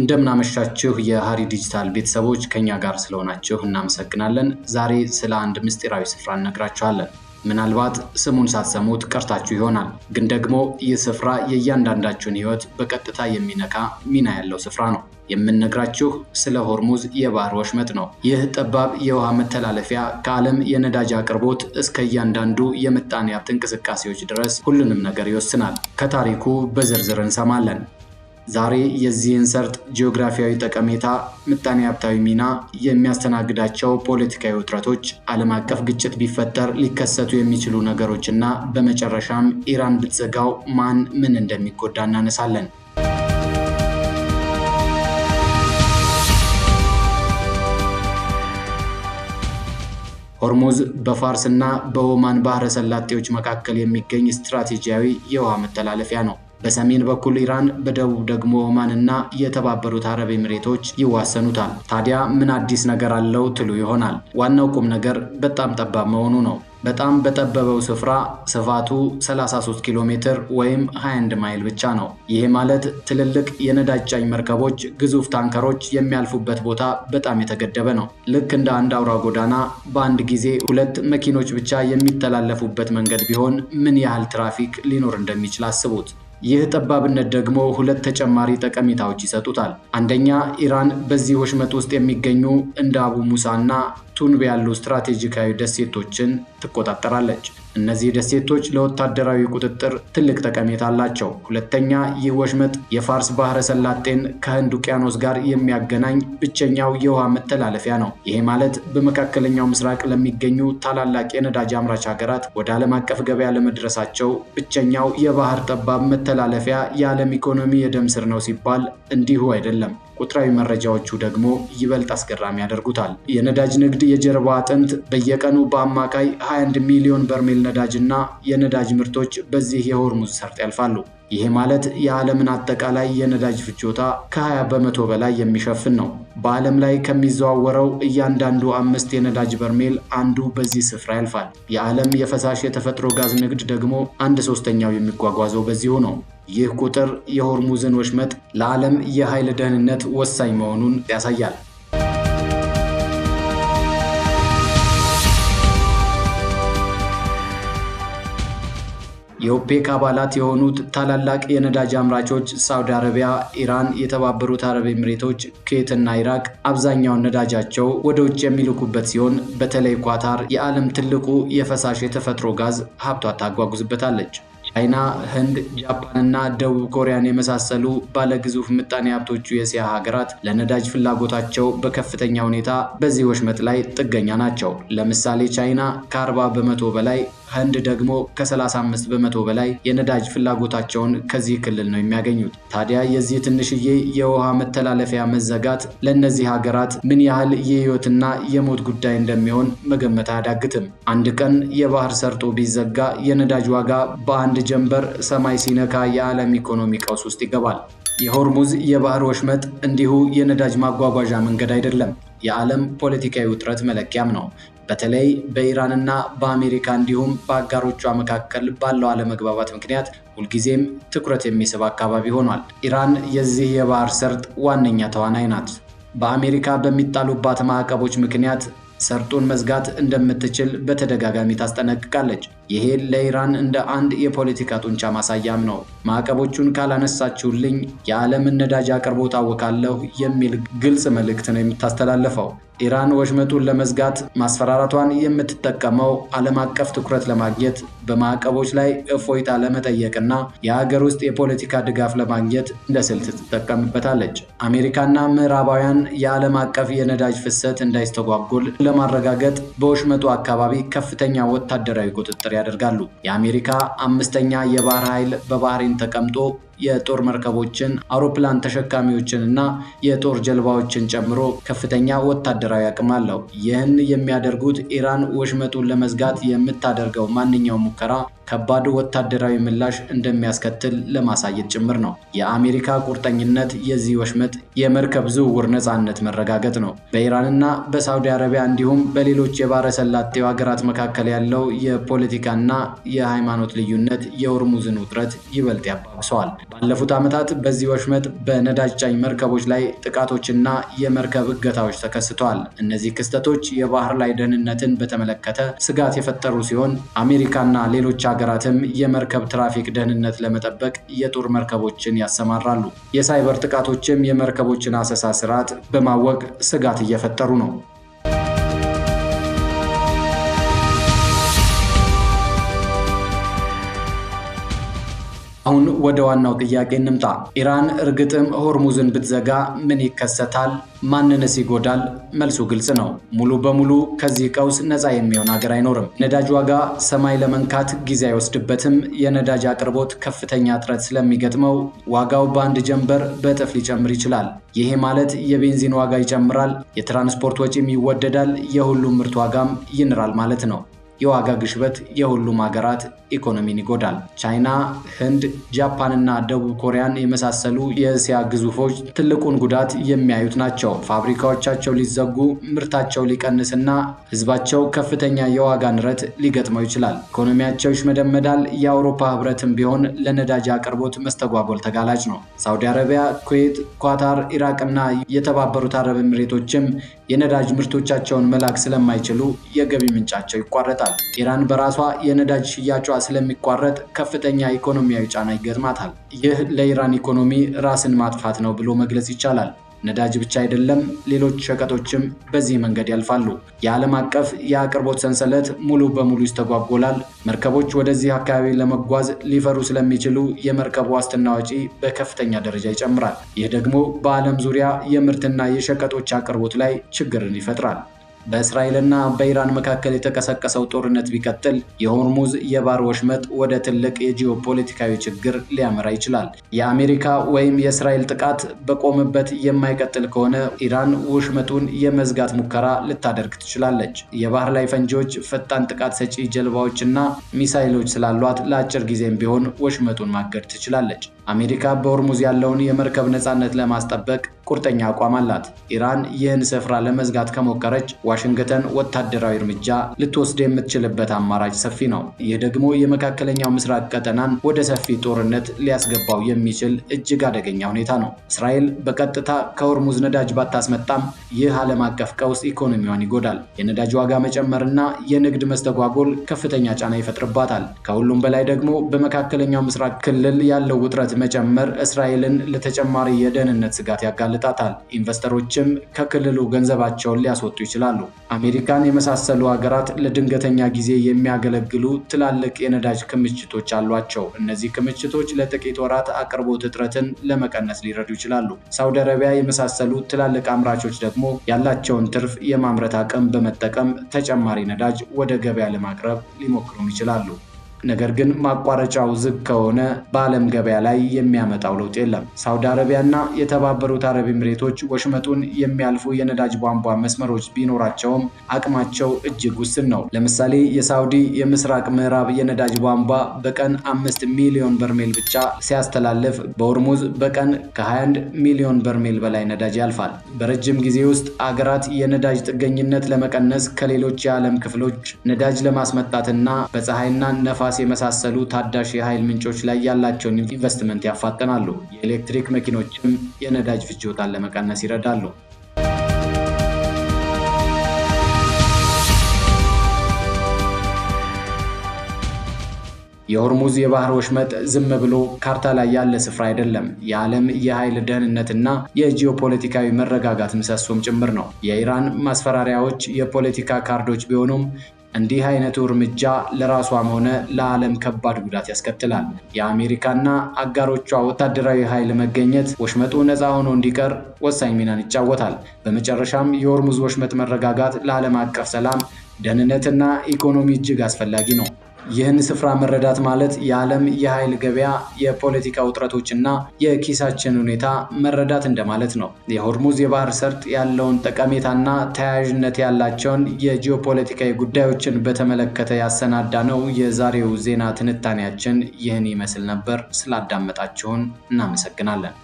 እንደምናመሻችሁ የሀሪ ዲጂታል ቤተሰቦች ከኛ ጋር ስለሆናችሁ እናመሰግናለን። ዛሬ ስለ አንድ ምስጢራዊ ስፍራ እነግራችኋለን። ምናልባት ስሙን ሳትሰሙት ቀርታችሁ ይሆናል፣ ግን ደግሞ ይህ ስፍራ የእያንዳንዳችሁን ሕይወት በቀጥታ የሚነካ ሚና ያለው ስፍራ ነው። የምንነግራችሁ ስለ ሆርሙዝ የባህር ወሽመጥ ነው። ይህ ጠባብ የውሃ መተላለፊያ ከዓለም የነዳጅ አቅርቦት እስከ እያንዳንዱ የምጣኔ ሀብት እንቅስቃሴዎች ድረስ ሁሉንም ነገር ይወስናል። ከታሪኩ በዝርዝር እንሰማለን። ዛሬ የዚህን ሰርጥ ጂኦግራፊያዊ ጠቀሜታ፣ ምጣኔ ሀብታዊ ሚና፣ የሚያስተናግዳቸው ፖለቲካዊ ውጥረቶች፣ ዓለም አቀፍ ግጭት ቢፈጠር ሊከሰቱ የሚችሉ ነገሮች እና በመጨረሻም ኢራን ብትዘጋው ማን ምን እንደሚጎዳ እናነሳለን። ሆርሙዝ በፋርስ እና በኦማን ባህረ ሰላጤዎች መካከል የሚገኝ ስትራቴጂያዊ የውሃ መተላለፊያ ነው። በሰሜን በኩል ኢራን፣ በደቡብ ደግሞ ኦማን እና የተባበሩት አረብ ኤምሬቶች ይዋሰኑታል። ታዲያ ምን አዲስ ነገር አለው ትሉ ይሆናል። ዋናው ቁም ነገር በጣም ጠባብ መሆኑ ነው። በጣም በጠበበው ስፍራ ስፋቱ 33 ኪሎ ሜትር ወይም 21 ማይል ብቻ ነው። ይሄ ማለት ትልልቅ የነዳጅ ጫኝ መርከቦች፣ ግዙፍ ታንከሮች የሚያልፉበት ቦታ በጣም የተገደበ ነው። ልክ እንደ አንድ አውራ ጎዳና በአንድ ጊዜ ሁለት መኪኖች ብቻ የሚተላለፉበት መንገድ ቢሆን ምን ያህል ትራፊክ ሊኖር እንደሚችል አስቡት። ይህ ጠባብነት ደግሞ ሁለት ተጨማሪ ጠቀሜታዎች ይሰጡታል። አንደኛ ኢራን በዚህ ወሽመጥ ውስጥ የሚገኙ እንደ አቡ ሙሳ እና ቱንብ ያሉ ስትራቴጂካዊ ደሴቶችን ትቆጣጠራለች። እነዚህ ደሴቶች ለወታደራዊ ቁጥጥር ትልቅ ጠቀሜታ አላቸው። ሁለተኛ፣ ይህ ወሽመጥ የፋርስ ባህረ ሰላጤን ከህንድ ውቅያኖስ ጋር የሚያገናኝ ብቸኛው የውሃ መተላለፊያ ነው። ይሄ ማለት በመካከለኛው ምስራቅ ለሚገኙ ታላላቅ የነዳጅ አምራች ሀገራት ወደ ዓለም አቀፍ ገበያ ለመድረሳቸው ብቸኛው የባህር ጠባብ መተላለፊያ የዓለም ኢኮኖሚ የደም ስር ነው ሲባል እንዲሁ አይደለም። ቁጥራዊ መረጃዎቹ ደግሞ ይበልጥ አስገራሚ ያደርጉታል። የነዳጅ ንግድ የጀርባ አጥንት በየቀኑ በአማካይ 21 ሚሊዮን በርሜል ነዳጅና የነዳጅ ምርቶች በዚህ የሆርሙዝ ሰርጥ ያልፋሉ። ይሄ ማለት የዓለምን አጠቃላይ የነዳጅ ፍጆታ ከ20 በመቶ በላይ የሚሸፍን ነው። በዓለም ላይ ከሚዘዋወረው እያንዳንዱ አምስት የነዳጅ በርሜል አንዱ በዚህ ስፍራ ያልፋል። የዓለም የፈሳሽ የተፈጥሮ ጋዝ ንግድ ደግሞ አንድ ሶስተኛው የሚጓጓዘው በዚሁ ነው። ይህ ቁጥር የሆርሙዝን ወሽመጥ ለዓለም የኃይል ደህንነት ወሳኝ መሆኑን ያሳያል። የኦፔክ አባላት የሆኑት ታላላቅ የነዳጅ አምራቾች ሳውዲ አረቢያ፣ ኢራን፣ የተባበሩት አረብ ኤምሬቶች፣ ኩዌትና ኢራቅ አብዛኛውን ነዳጃቸው ወደ ውጭ የሚልኩበት ሲሆን በተለይ ኳታር የዓለም ትልቁ የፈሳሽ የተፈጥሮ ጋዝ ሀብቷ ታጓጉዝበታለች። ቻይና፣ ህንድ፣ ጃፓንና ደቡብ ኮሪያን የመሳሰሉ ባለግዙፍ ምጣኔ ሀብቶቹ የእስያ ሀገራት ለነዳጅ ፍላጎታቸው በከፍተኛ ሁኔታ በዚህ ወሽመጥ ላይ ጥገኛ ናቸው። ለምሳሌ ቻይና ከ40 በመቶ በላይ ህንድ ደግሞ ከ35 በመቶ በላይ የነዳጅ ፍላጎታቸውን ከዚህ ክልል ነው የሚያገኙት። ታዲያ የዚህ ትንሽዬ የውሃ መተላለፊያ መዘጋት ለእነዚህ ሀገራት ምን ያህል የህይወትና የሞት ጉዳይ እንደሚሆን መገመት አያዳግትም። አንድ ቀን የባህር ሰርጦ ቢዘጋ የነዳጅ ዋጋ በአንድ ጀንበር ሰማይ ሲነካ የዓለም ኢኮኖሚ ቀውስ ውስጥ ይገባል። የሆርሙዝ የባህር ወሽመጥ እንዲሁ የነዳጅ ማጓጓዣ መንገድ አይደለም፣ የዓለም ፖለቲካዊ ውጥረት መለኪያም ነው። በተለይ በኢራንና በአሜሪካ እንዲሁም በአጋሮቿ መካከል ባለው አለመግባባት ምክንያት ሁልጊዜም ትኩረት የሚስብ አካባቢ ሆኗል። ኢራን የዚህ የባህር ሰርጥ ዋነኛ ተዋናይ ናት። በአሜሪካ በሚጣሉባት ማዕቀቦች ምክንያት ሰርጡን መዝጋት እንደምትችል በተደጋጋሚ ታስጠነቅቃለች። ይሄ ለኢራን እንደ አንድ የፖለቲካ ጡንቻ ማሳያም ነው። ማዕቀቦቹን ካላነሳችሁልኝ የዓለምን ነዳጅ አቅርቦት አወካለሁ የሚል ግልጽ መልእክት ነው የምታስተላልፈው። ኢራን ወሽመጡን ለመዝጋት ማስፈራራቷን የምትጠቀመው ዓለም አቀፍ ትኩረት ለማግኘት በማዕቀቦች ላይ እፎይታ ለመጠየቅና የሀገር ውስጥ የፖለቲካ ድጋፍ ለማግኘት እንደ ስልት ትጠቀምበታለች። አሜሪካና ምዕራባውያን የዓለም አቀፍ የነዳጅ ፍሰት እንዳይስተጓጉል ለማረጋገጥ በወሽመጡ አካባቢ ከፍተኛ ወታደራዊ ቁጥጥር ያደርጋሉ። የአሜሪካ አምስተኛ የባህር ኃይል በባህሬን ተቀምጦ የጦር መርከቦችን፣ አውሮፕላን ተሸካሚዎችን እና የጦር ጀልባዎችን ጨምሮ ከፍተኛ ወታደራዊ አቅም አለው። ይህን የሚያደርጉት ኢራን ወሽመጡን ለመዝጋት የምታደርገው ማንኛውም ሙከራ ከባድ ወታደራዊ ምላሽ እንደሚያስከትል ለማሳየት ጭምር ነው። የአሜሪካ ቁርጠኝነት የዚህ ወሽመጥ የመርከብ ዝውውር ነፃነት መረጋገጥ ነው። በኢራንና በሳውዲ አረቢያ እንዲሁም በሌሎች የባሕረ ሰላጤው ሀገራት መካከል ያለው የፖለቲካና የሃይማኖት ልዩነት የኦርሙዝን ውጥረት ይበልጥ ያባብሰዋል። ባለፉት ዓመታት በዚህ ወሽመጥ በነዳጅ ጫኝ መርከቦች ላይ ጥቃቶችና የመርከብ እገታዎች ተከስተዋል። እነዚህ ክስተቶች የባህር ላይ ደህንነትን በተመለከተ ስጋት የፈጠሩ ሲሆን አሜሪካና ሌሎች ሀገራትም የመርከብ ትራፊክ ደህንነት ለመጠበቅ የጦር መርከቦችን ያሰማራሉ። የሳይበር ጥቃቶችም የመርከቦችን አሰሳ ስርዓት በማወቅ ስጋት እየፈጠሩ ነው። አሁን ወደ ዋናው ጥያቄ እንምጣ። ኢራን እርግጥም ሆርሙዝን ብትዘጋ ምን ይከሰታል? ማንንስ ይጎዳል? መልሱ ግልጽ ነው። ሙሉ በሙሉ ከዚህ ቀውስ ነፃ የሚሆን ሀገር አይኖርም። ነዳጅ ዋጋ ሰማይ ለመንካት ጊዜ አይወስድበትም። የነዳጅ አቅርቦት ከፍተኛ እጥረት ስለሚገጥመው ዋጋው በአንድ ጀንበር በእጥፍ ሊጨምር ይችላል። ይሄ ማለት የቤንዚን ዋጋ ይጨምራል፣ የትራንስፖርት ወጪም ይወደዳል፣ የሁሉም ምርት ዋጋም ይንራል ማለት ነው። የዋጋ ግሽበት የሁሉም ሀገራት ኢኮኖሚን ይጎዳል። ቻይና፣ ህንድ፣ ጃፓንና ደቡብ ኮሪያን የመሳሰሉ የእስያ ግዙፎች ትልቁን ጉዳት የሚያዩት ናቸው። ፋብሪካዎቻቸው ሊዘጉ፣ ምርታቸው ሊቀንስና ህዝባቸው ከፍተኛ የዋጋ ንረት ሊገጥመው ይችላል። ኢኮኖሚያቸው ይሽመደመዳል። የአውሮፓ ህብረትም ቢሆን ለነዳጅ አቅርቦት መስተጓጎል ተጋላጭ ነው። ሳውዲ አረቢያ፣ ኩዌት፣ ኳታር፣ ኢራቅና የተባበሩት አረብ ምሬቶችም የነዳጅ ምርቶቻቸውን መላክ ስለማይችሉ የገቢ ምንጫቸው ይቋረጣል። ይደርሳል። ኢራን በራሷ የነዳጅ ሽያጯ ስለሚቋረጥ ከፍተኛ ኢኮኖሚያዊ ጫና ይገጥማታል። ይህ ለኢራን ኢኮኖሚ ራስን ማጥፋት ነው ብሎ መግለጽ ይቻላል። ነዳጅ ብቻ አይደለም፣ ሌሎች ሸቀጦችም በዚህ መንገድ ያልፋሉ። የዓለም አቀፍ የአቅርቦት ሰንሰለት ሙሉ በሙሉ ይስተጓጎላል። መርከቦች ወደዚህ አካባቢ ለመጓዝ ሊፈሩ ስለሚችሉ የመርከብ ዋስትና ወጪ በከፍተኛ ደረጃ ይጨምራል። ይህ ደግሞ በዓለም ዙሪያ የምርትና የሸቀጦች አቅርቦት ላይ ችግርን ይፈጥራል። በእስራኤልና በኢራን መካከል የተቀሰቀሰው ጦርነት ቢቀጥል የሆርሙዝ የባህር ወሽመጥ ወደ ትልቅ የጂኦፖለቲካዊ ችግር ሊያመራ ይችላል። የአሜሪካ ወይም የእስራኤል ጥቃት በቆመበት የማይቀጥል ከሆነ ኢራን ወሽመጡን የመዝጋት ሙከራ ልታደርግ ትችላለች። የባህር ላይ ፈንጂዎች፣ ፈጣን ጥቃት ሰጪ ጀልባዎችና ሚሳይሎች ስላሏት ለአጭር ጊዜም ቢሆን ወሽመጡን ማገድ ትችላለች። አሜሪካ በሆርሙዝ ያለውን የመርከብ ነፃነት ለማስጠበቅ ቁርጠኛ አቋም አላት። ኢራን ይህን ስፍራ ለመዝጋት ከሞከረች ዋሽንግተን ወታደራዊ እርምጃ ልትወስድ የምትችልበት አማራጭ ሰፊ ነው። ይህ ደግሞ የመካከለኛው ምስራቅ ቀጠናን ወደ ሰፊ ጦርነት ሊያስገባው የሚችል እጅግ አደገኛ ሁኔታ ነው። እስራኤል በቀጥታ ከሆርሙዝ ነዳጅ ባታስመጣም ይህ ዓለም አቀፍ ቀውስ ኢኮኖሚዋን ይጎዳል። የነዳጅ ዋጋ መጨመርና የንግድ መስተጓጎል ከፍተኛ ጫና ይፈጥርባታል። ከሁሉም በላይ ደግሞ በመካከለኛው ምስራቅ ክልል ያለው ውጥረት መጨመር እስራኤልን ለተጨማሪ የደህንነት ስጋት ያጋልጣታል። ኢንቨስተሮችም ከክልሉ ገንዘባቸውን ሊያስወጡ ይችላሉ። አሜሪካን የመሳሰሉ ሀገራት ለድንገተኛ ጊዜ የሚያገለግሉ ትላልቅ የነዳጅ ክምችቶች አሏቸው። እነዚህ ክምችቶች ለጥቂት ወራት አቅርቦት እጥረትን ለመቀነስ ሊረዱ ይችላሉ። ሳውዲ አረቢያ የመሳሰሉ ትላልቅ አምራቾች ደግሞ ያላቸውን ትርፍ የማምረት አቅም በመጠቀም ተጨማሪ ነዳጅ ወደ ገበያ ለማቅረብ ሊሞክሩም ይችላሉ። ነገር ግን ማቋረጫው ዝግ ከሆነ በዓለም ገበያ ላይ የሚያመጣው ለውጥ የለም። ሳውዲ አረቢያና የተባበሩት አረብ ኤምሬቶች ወሽመጡን የሚያልፉ የነዳጅ ቧንቧ መስመሮች ቢኖራቸውም አቅማቸው እጅግ ውስን ነው። ለምሳሌ የሳውዲ የምስራቅ ምዕራብ የነዳጅ ቧንቧ በቀን አምስት ሚሊዮን በርሜል ብቻ ሲያስተላልፍ በኦርሙዝ በቀን ከ21 ሚሊዮን በርሜል በላይ ነዳጅ ያልፋል። በረጅም ጊዜ ውስጥ አገራት የነዳጅ ጥገኝነት ለመቀነስ ከሌሎች የዓለም ክፍሎች ነዳጅ ለማስመጣትና በፀሐይና ነፋ ነፋስ የመሳሰሉ ታዳሽ የኃይል ምንጮች ላይ ያላቸውን ኢንቨስትመንት ያፋጠናሉ። የኤሌክትሪክ መኪኖችም የነዳጅ ፍጆታን ለመቀነስ ይረዳሉ። የሆርሙዝ የባህር ወሽመጥ ዝም ብሎ ካርታ ላይ ያለ ስፍራ አይደለም። የዓለም የኃይል ደህንነትና የጂኦፖለቲካዊ መረጋጋት ምሰሶም ጭምር ነው። የኢራን ማስፈራሪያዎች የፖለቲካ ካርዶች ቢሆኑም እንዲህ አይነቱ እርምጃ ለራሷም ሆነ ለዓለም ከባድ ጉዳት ያስከትላል። የአሜሪካና አጋሮቿ ወታደራዊ ኃይል መገኘት ወሽመጡ ነፃ ሆኖ እንዲቀር ወሳኝ ሚናን ይጫወታል። በመጨረሻም የሆርሙዝ ወሽመጥ መረጋጋት ለዓለም አቀፍ ሰላም፣ ደህንነትና ኢኮኖሚ እጅግ አስፈላጊ ነው። ይህን ስፍራ መረዳት ማለት የዓለም የኃይል ገበያ፣ የፖለቲካ ውጥረቶችና የኪሳችን ሁኔታ መረዳት እንደማለት ነው። የሆርሙዝ የባህር ሰርጥ ያለውን ጠቀሜታና ተያያዥነት ያላቸውን የጂኦፖለቲካዊ ጉዳዮችን በተመለከተ ያሰናዳ ነው የዛሬው ዜና ትንታኔያችን ይህን ይመስል ነበር። ስላዳመጣችሁን እናመሰግናለን።